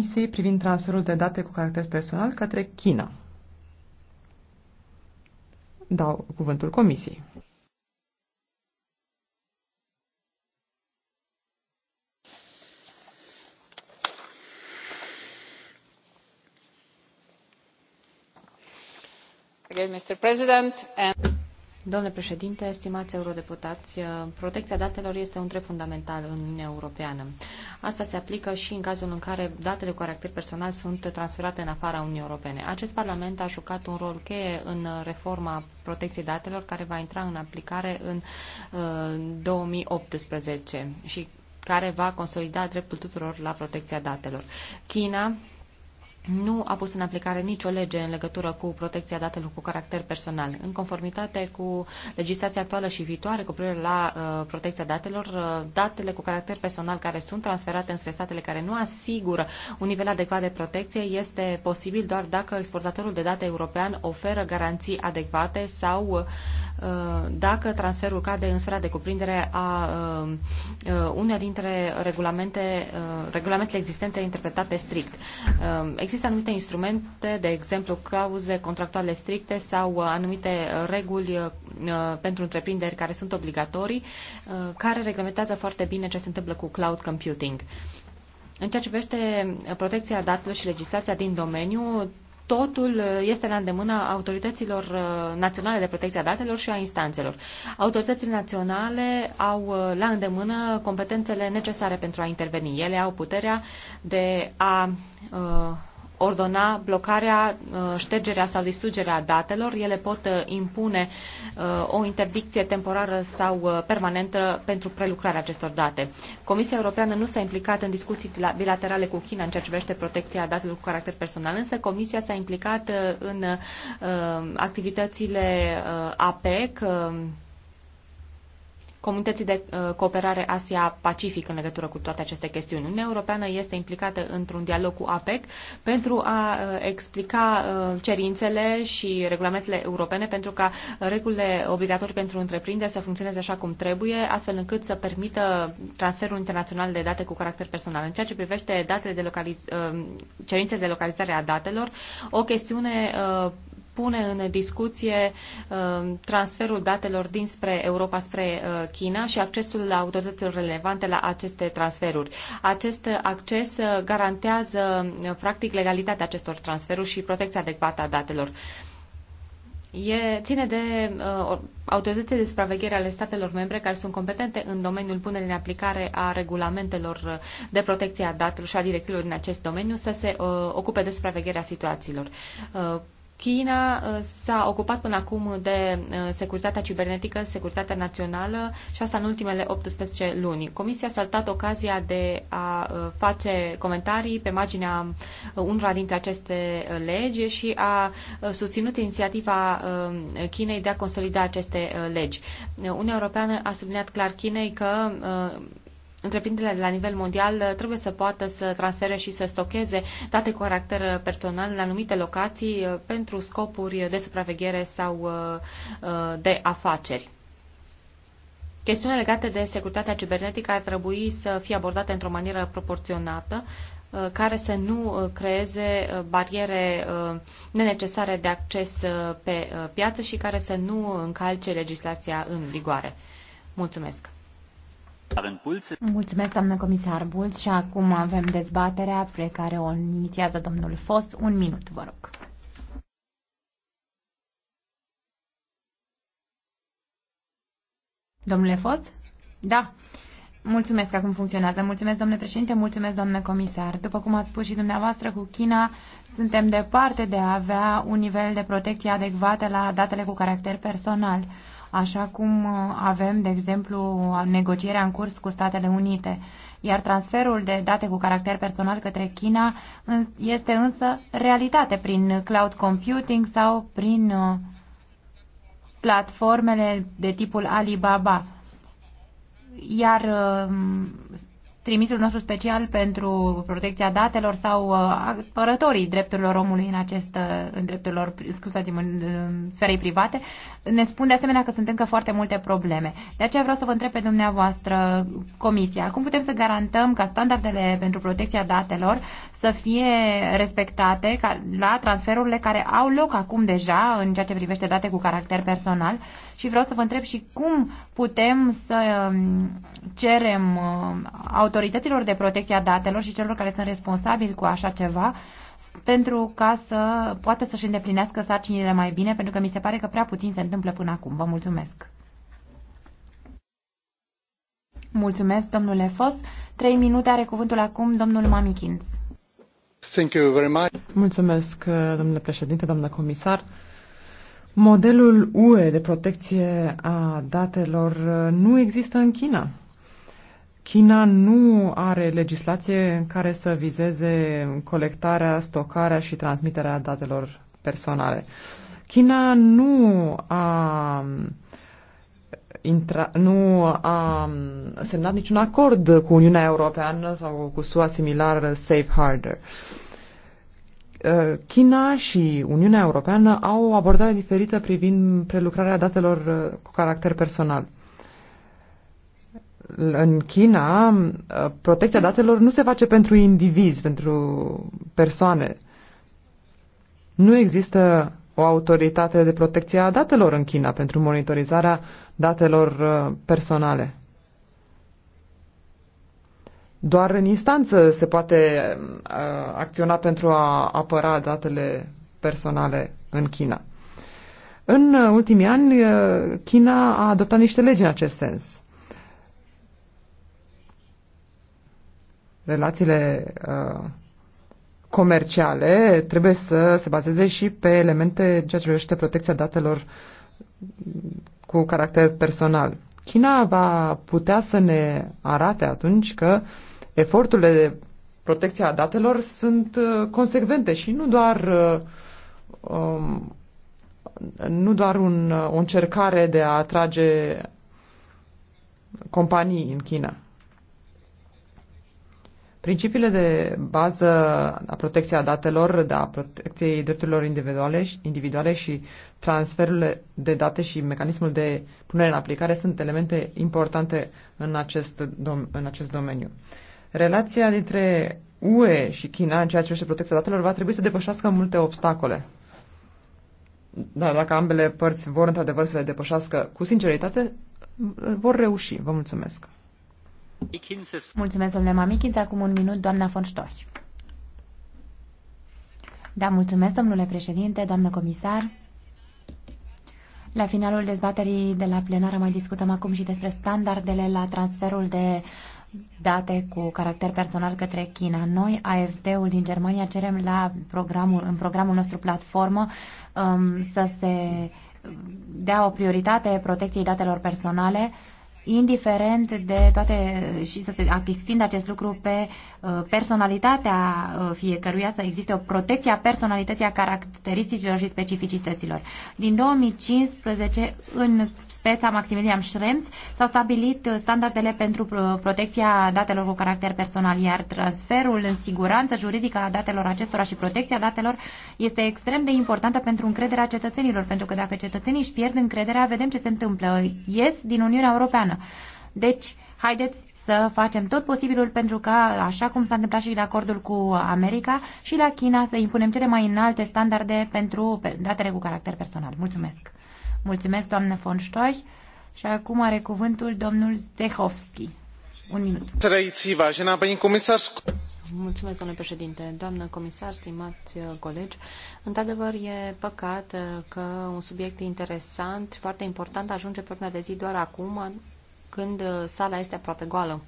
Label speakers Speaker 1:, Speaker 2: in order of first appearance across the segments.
Speaker 1: Comisiei privind transferul de date cu caracter personal către China. Dau cuvântul Comisiei.
Speaker 2: Mr. President and Domnule președinte, stimați eurodeputați, protecția datelor este un drept fundamental în Uniunea Europeană. Asta se aplică și în cazul în care datele cu caracter personal sunt transferate în afara Uniunii Europene. Acest Parlament a jucat un rol cheie în reforma protecției datelor care va intra în aplicare în uh, 2018 și care va consolida dreptul tuturor la protecția datelor. China nu a pus în aplicare nicio lege în legătură cu protecția datelor cu caracter personal. În conformitate cu legislația actuală și viitoare cu privire la uh, protecția datelor, uh, datele cu caracter personal care sunt transferate înspre statele care nu asigură un nivel adecvat de protecție este posibil doar dacă exportatorul de date european oferă garanții adecvate sau uh, dacă transferul cade în sfera de cuprindere a uh, uh, unei dintre regulamente, uh, regulamentele existente interpretate strict. Uh, Există anumite instrumente, de exemplu clauze contractuale stricte sau uh, anumite uh, reguli uh, pentru întreprinderi care sunt obligatorii, care reglementează foarte bine ce se întâmplă cu cloud computing. În ceea ce privește protecția datelor și legislația din domeniu, totul este la îndemâna autorităților naționale de protecție a datelor și a instanțelor. Autoritățile naționale au la îndemână competențele necesare pentru a interveni. Ele au puterea de a uh, ordona blocarea, uh, ștergerea sau distrugerea datelor. Ele pot uh, impune uh, o interdicție temporară sau permanentă pentru prelucrarea acestor date. Comisia Europeană nu s-a implicat în discuții bilaterale cu China în ceea ce privește protecția datelor cu caracter personal, însă Comisia s-a implicat în activitățile APEC, Comunității de uh, Cooperare Asia-Pacific în legătură cu toate aceste chestiuni. Uniunea Europeană este implicată într-un dialog cu APEC pentru a uh, explica uh, cerințele și regulamentele europene pentru ca regulile obligatorii pentru întreprinderi să funcționeze așa cum trebuie, astfel încât să permită transferul internațional de date cu caracter personal. În ceea ce privește datele de localiz- cerințe de localizare a datelor, o chestiune pune în discuție uh, transferul datelor dinspre Europa spre uh, China și accesul la autorităților relevante la aceste transferuri. Acest acces uh, garantează practic legalitatea acestor transferuri și protecția adecvată a datelor. E, ține de uh, autoritățile de supraveghere ale statelor membre care sunt competente în domeniul punerii în aplicare a regulamentelor de protecție a datelor și a directivelor din acest domeniu să se uh, ocupe de supravegherea situațiilor. Uh, China uh, s-a ocupat până acum de uh, securitatea cibernetică, securitatea națională și asta în ultimele 18 luni. Comisia a saltat ocazia de a uh, face comentarii pe marginea unora dintre aceste legi și a susținut inițiativa Chinei de a consolida aceste legi. Uniunea Europeană a subliniat clar Chinei că întreprinderile la nivel mondial uh, trebuie să poată să transfere și să stocheze date cu caracter uh, personal în anumite locații uh, pentru scopuri de supraveghere sau de afaceri. Chestiunile legate de securitatea cibernetică ar trebui să fie abordate într-o manieră proporționată, care să nu creeze bariere nenecesare de acces pe piață și care să nu încalce legislația în vigoare. Mulțumesc!
Speaker 3: Mulțumesc, doamnă comisar Bulț, și acum avem
Speaker 2: dezbaterea pe care
Speaker 3: o inițiază domnul Fos. Un minut, vă rog. Domnule Fos? Da. Mulțumesc acum funcționează. Mulțumesc, domnule președinte, mulțumesc, domnule comisar. După cum ați spus și dumneavoastră, cu China suntem departe de a avea un nivel de protecție adecvat la datele cu caracter personal așa cum uh, avem, de exemplu, negocierea în curs cu Statele Unite. Iar transferul de date cu caracter personal către China este însă realitate prin cloud computing sau prin uh, platformele de tipul Alibaba. Iar uh, trimisul nostru special pentru protecția datelor sau uh, apărătorii drepturilor omului în acest, uh, în drepturilor, scuzați în sferei private, ne spun de asemenea că sunt încă foarte multe probleme. De aceea vreau să vă întreb pe dumneavoastră, Comisia, cum putem să garantăm ca standardele pentru protecția datelor să fie respectate ca, la transferurile care au loc acum deja în ceea ce privește date cu caracter personal și vreau să vă întreb și cum putem să um, cerem autorităților uh, autorităților de protecție a datelor și celor care sunt responsabili cu așa ceva pentru ca să poată să-și îndeplinească sarcinile mai bine, pentru că mi se pare că prea puțin se întâmplă până acum. Vă mulțumesc! Mulțumesc, domnule Fos. Trei minute are cuvântul acum domnul Mamikins. Thank you very much.
Speaker 1: Mulțumesc, domnule președinte, doamnă comisar. Modelul UE de protecție a datelor nu există în China. China nu are legislație în care să vizeze colectarea, stocarea și transmiterea datelor personale. China nu a intra, nu a semnat niciun acord cu Uniunea Europeană sau cu SUA similar Safe Harder. China și Uniunea Europeană au o abordare diferită privind prelucrarea datelor cu caracter personal în China, uh, protecția datelor nu se face pentru indivizi, pentru persoane. Nu există o autoritate de protecție a datelor în China pentru monitorizarea datelor uh, personale. Doar în instanță se poate uh, acționa pentru a apăra datele personale în China. În ultimii ani, China a adoptat niște legi în acest sens. relațiile uh, comerciale trebuie să se bazeze și pe elemente ceea ce privește protecția datelor cu caracter personal. China va putea să ne arate atunci că eforturile de protecție a datelor sunt uh, consecvente și nu doar uh, um, nu doar un, o încercare de a atrage companii în China. Principiile de bază a protecției a datelor, de a protecției drepturilor individuale, individuale și transferurile de date și mecanismul de punere în aplicare sunt elemente importante în acest, dom- în acest domeniu. Relația dintre UE și China în ceea ce privește protecția datelor va trebui să depășească multe obstacole. Dar dacă ambele părți vor într-adevăr să le depășească cu sinceritate, vor reuși. Vă mulțumesc!
Speaker 3: Mulțumesc, domnule Mamichins. Acum un minut, doamna von Stoch. Da, mulțumesc, domnule președinte, doamnă comisar. La finalul dezbaterii de la plenară mai discutăm acum și despre standardele la transferul de date cu caracter personal către China. Noi, AFD-ul din Germania, cerem la programul, în programul nostru platformă um, să se dea o prioritate protecției datelor personale uh, indiferent de toate și să se extindă acest lucru pe uh, personalitatea uh, fiecăruia, să existe o protecție a personalității, a caracteristicilor și specificităților. Din 2015, în speța Maximilian Schrems, s-au stabilit uh, standardele pentru protecția datelor cu caracter personal, iar transferul în siguranță juridică a datelor acestora și protecția datelor este extrem de importantă pentru încrederea cetățenilor, pentru că dacă cetățenii își pierd încrederea, vedem ce se întâmplă. Ies din Uniunea Europeană Europeană. Deci, haideți să facem tot posibilul pentru ca, așa cum s-a întâmplat și de acordul cu America și la China, să impunem cele mai înalte standarde pentru datele cu caracter personal. Mulțumesc! Mulțumesc, doamnă von Stoich. Și acum are cuvântul domnul Zdehovski. Un minut.
Speaker 2: Mulțumesc, domnule președinte. Doamnă comisar, stimați uh, colegi, într-adevăr e păcat uh, că un subiect interesant, foarte important, ajunge pe ordinea de zi doar acum, când uh, sala este aproape goală.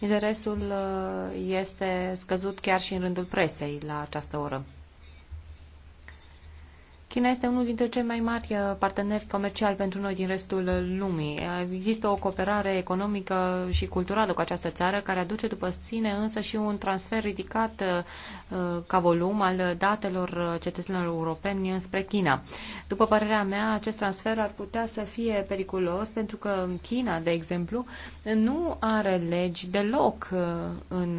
Speaker 2: Interesul uh, este scăzut chiar și în rândul presei la această oră. China este unul dintre cei mai mari uh, parteneri comerciali pentru noi din restul uh, lumii. Există o cooperare economică și culturală cu această țară, care aduce după sine însă și un transfer ridicat uh, ca volum al datelor cetățenilor europeni spre China. După părerea mea, acest transfer ar putea să fie periculos pentru că China, de exemplu, nu are legi deloc în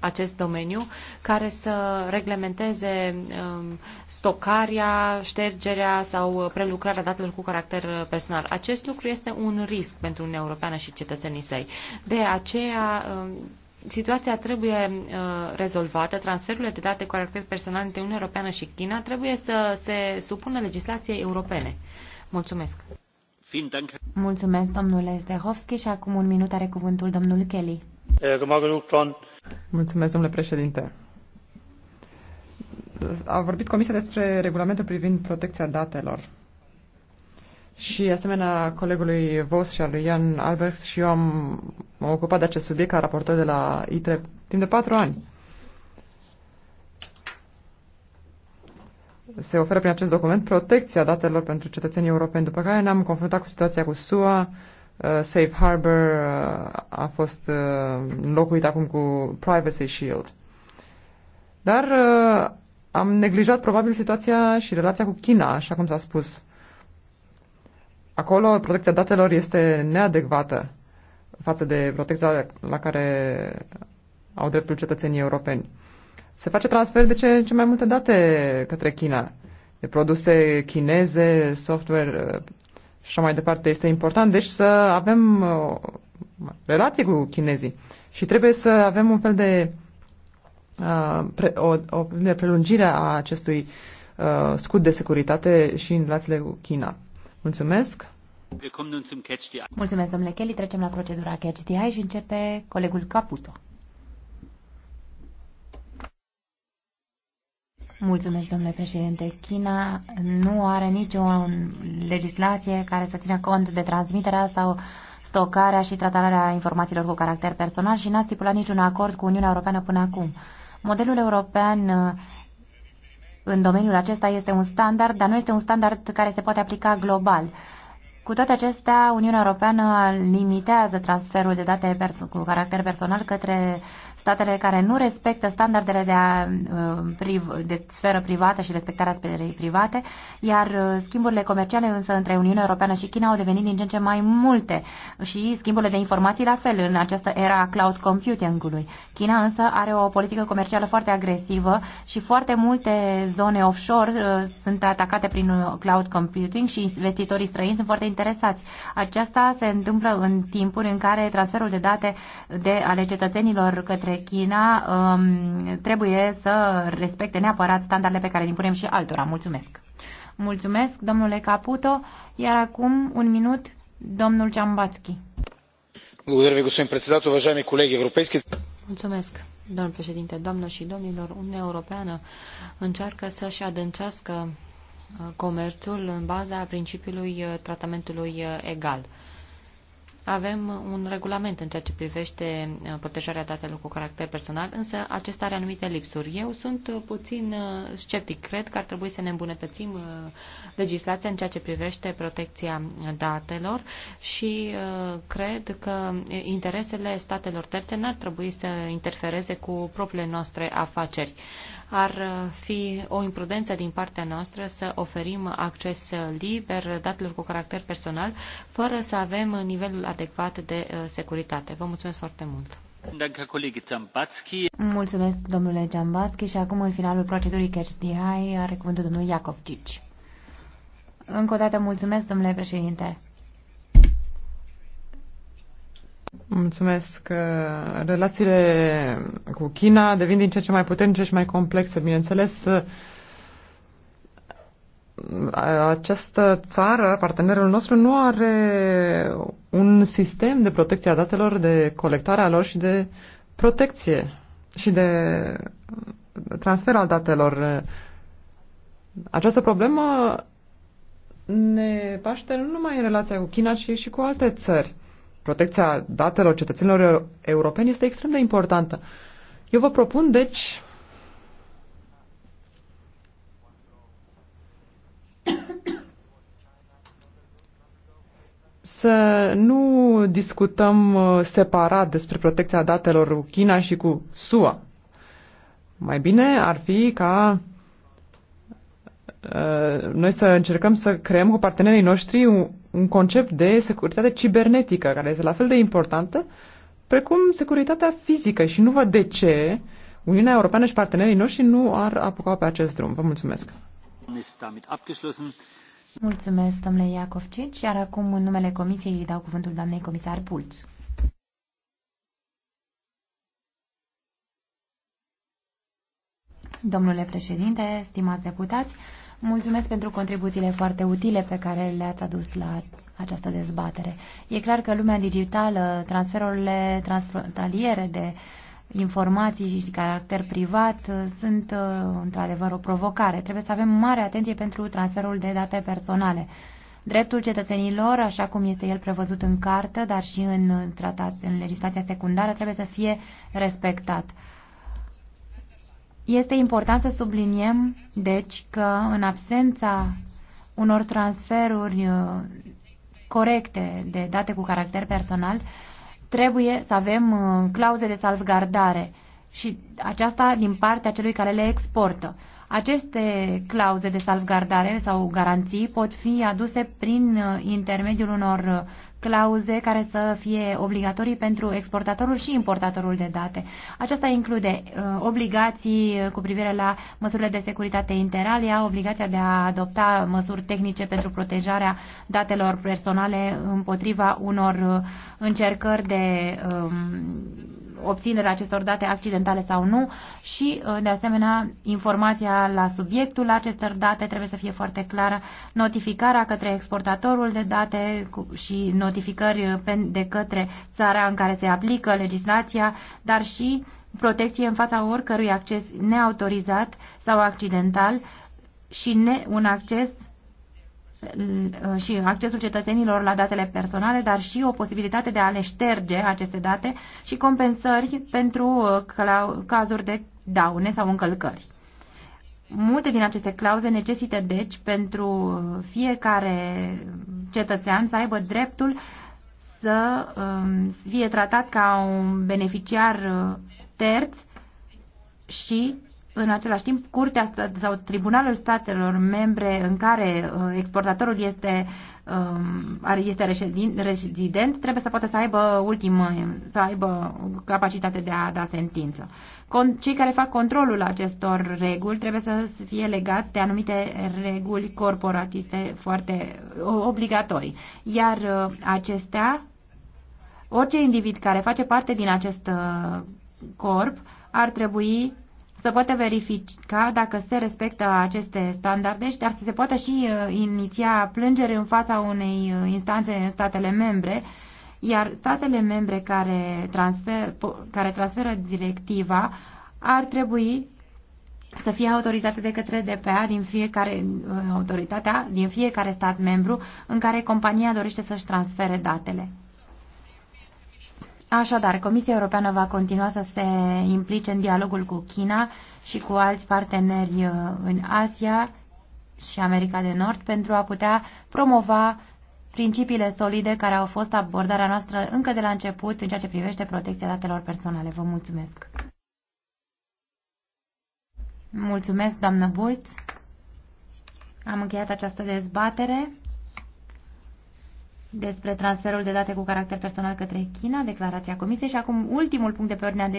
Speaker 2: acest domeniu care să reglementeze um, stocarea, ștergerea sau uh, prelucrarea datelor cu caracter uh, personal. Acest lucru este un risc pentru Uniunea Europeană și cetățenii săi. De aceea um, situația trebuie uh, rezolvată, transferurile de date cu caracter personal între Uniunea Europeană și China trebuie să se supună legislației europene. Mulțumesc!
Speaker 3: Mulțumesc, domnule Zdehovski, și acum un minut are cuvântul domnul Kelly. Eh, Mulțumesc, domnule președinte.
Speaker 1: A vorbit Comisia despre regulamentul privind protecția datelor. Și, asemenea, colegului Vos și al lui Ian Albert și eu am ocupat de acest subiect ca raportor de la ITRE timp de patru ani. Se oferă prin acest document protecția datelor pentru cetățenii europeni, după care ne-am confruntat cu situația cu SUA, Uh, Safe Harbor uh, a fost uh, înlocuit acum cu Privacy Shield. Dar am neglijat probabil situația și relația cu China, așa cum s-a spus. Acolo protecția datelor este neadecvată față de protecția la care au dreptul cetățenii europeni. Se face transfer de ce, ce mai multe date către China, de produse chineze, software așa mai departe. Este important, deci, să avem uh, relații cu chinezii și trebuie să avem un fel de, uh, o, o de prelungire a acestui uh, scut de securitate și în relațiile cu China. Mulțumesc!
Speaker 3: Mulțumesc, domnule Kelly. Trecem la procedura Catch the Eye și începe colegul Caputo. Mulțumesc, domnule președinte. China nu are nicio legislație care să țină cont de transmiterea sau stocarea și tratarea informațiilor cu caracter personal și n-a stipulat niciun acord cu Uniunea Europeană până acum. Modelul european uh, în domeniul acesta este un standard, dar nu este un standard care se poate aplica global. Cu toate acestea, Uniunea Europeană limitează transferul de date cu caracter personal către statele care nu respectă standardele de, a, uh, de sferă privată și respectarea sferei private, iar uh, schimburile comerciale însă între Uniunea Europeană și China au devenit din ce în ce mai multe și schimburile de informații la fel în această era cloud computing-ului. China însă are o politică comercială foarte agresivă și foarte multe zone offshore uh, sunt atacate prin cloud computing și investitorii străini sunt foarte interesați. Aceasta se întâmplă în timpuri în care transferul de date de ale cetățenilor către China um, trebuie să respecte neapărat standardele pe care le impunem și altora. Mulțumesc! Mulțumesc, domnule Caputo, iar acum un
Speaker 2: minut, domnul Ciambațchi. Mulțumesc, domnul președinte, doamnă și domnilor. Uniunea Europeană încearcă să-și adâncească comerțul în baza principiului uh, tratamentului uh, egal. Avem un regulament în ceea ce privește uh, protejarea datelor cu caracter personal, însă acesta are anumite lipsuri. Eu sunt puțin sceptic. Cred că ar trebui să ne îmbunătățim legislația în ceea ce privește protecția datelor și cred că interesele statelor terțe n-ar trebui să interfereze cu propriile noastre afaceri ar uh, fi o imprudență din partea noastră să oferim acces liber datelor cu caracter personal, fără să avem nivelul adecvat de uh, securitate. Vă mulțumesc foarte mult! Mulțumesc, domnule Giambatski, și acum, în finalul procedurii Catch the
Speaker 3: Eye, are cuvântul domnul Iacov Cici. Încă o dată mulțumesc, domnule președinte.
Speaker 1: Mulțumesc. Uh, relațiile cu China devin din ce ce mai puternice și mai complexe. Bineînțeles, uh, această țară, partenerul nostru, nu are un sistem de protecție a datelor, de colectare a lor și de protecție și de transfer al datelor. Această problemă ne paște nu numai în relația cu China, ci și cu alte țări protecția datelor cetățenilor europeni este extrem de importantă. Eu vă propun, deci, să nu discutăm uh, separat despre protecția datelor cu China și cu SUA. Mai bine ar fi ca uh, noi să încercăm să creăm cu partenerii noștri un concept de securitate cibernetică, care este la fel de importantă precum securitatea fizică și nu văd de ce Uniunea Europeană și partenerii noștri nu ar apuca pe acest drum. Vă mulțumesc!
Speaker 3: Mulțumesc, domnule Iacovcici, iar acum în numele Comisiei îi dau cuvântul doamnei comisar Pulț. Domnule președinte, stimați deputați, Mulțumesc pentru contribuțiile foarte utile pe care le-ați adus la această dezbatere. E clar că lumea digitală, transferurile transfrontaliere de informații și caracter privat uh, sunt uh, într-adevăr o provocare. Trebuie să avem mare atenție pentru transferul de date personale. Dreptul cetățenilor, așa cum este el prevăzut în cartă, dar și în, tratat, în legislația secundară, trebuie să fie respectat. Este important să subliniem, deci, că în absența unor transferuri uh, corecte de date cu caracter personal, trebuie să avem uh, clauze de salvgardare și aceasta din partea celui care le exportă. Aceste clauze de salvgardare sau garanții pot fi aduse prin uh, intermediul unor uh, clauze care să fie obligatorii pentru exportatorul și importatorul de date. Aceasta include uh, obligații uh, cu privire la măsurile de securitate interalia, obligația de a adopta măsuri tehnice pentru protejarea datelor personale împotriva unor uh, încercări de um, obținerea acestor date accidentale sau nu și, uh, de asemenea, informația la subiectul acestor date trebuie să fie foarte clară, notificarea către exportatorul de date și notificări uh, de către țara în care se aplică legislația, dar și protecție în fața oricărui acces neautorizat sau accidental și ne, un acces și accesul cetățenilor la datele personale, dar și o posibilitate de a le șterge aceste date și compensări pentru uh, cazuri de daune sau încălcări. Multe din aceste clauze necesită, deci, pentru uh, fiecare cetățean să aibă dreptul să um, fie tratat ca un beneficiar uh, terț și în același timp, curtea sau tribunalul statelor membre în care uh, exportatorul este, um, este rezident trebuie să poată să aibă, ultim, să aibă capacitate de a da sentință. Cei care fac controlul acestor reguli trebuie să fie legați de anumite reguli corporatiste foarte obligatorii. Iar uh, acestea, orice individ care face parte din acest uh, corp ar trebui să poată verifica dacă se respectă aceste standarde și dar să se poată și uh, iniția plângeri în fața unei uh, instanțe în statele membre, iar statele membre care, transfer, care transferă directiva ar trebui să fie autorizate de către DPA din fiecare uh, autoritatea din fiecare stat membru în care compania dorește să-și transfere datele. Așadar, Comisia Europeană va continua să se implice în dialogul cu China și cu alți parteneri uh, în Asia și America de Nord pentru a putea promova principiile solide care au fost abordarea noastră încă de la început în ceea ce privește protecția datelor personale. Vă mulțumesc! Mulțumesc, doamnă Bulț! Am încheiat această dezbatere despre transferul de date cu caracter personal către China, declarația Comisiei și acum ultimul punct de pe
Speaker 1: ordinea de zi.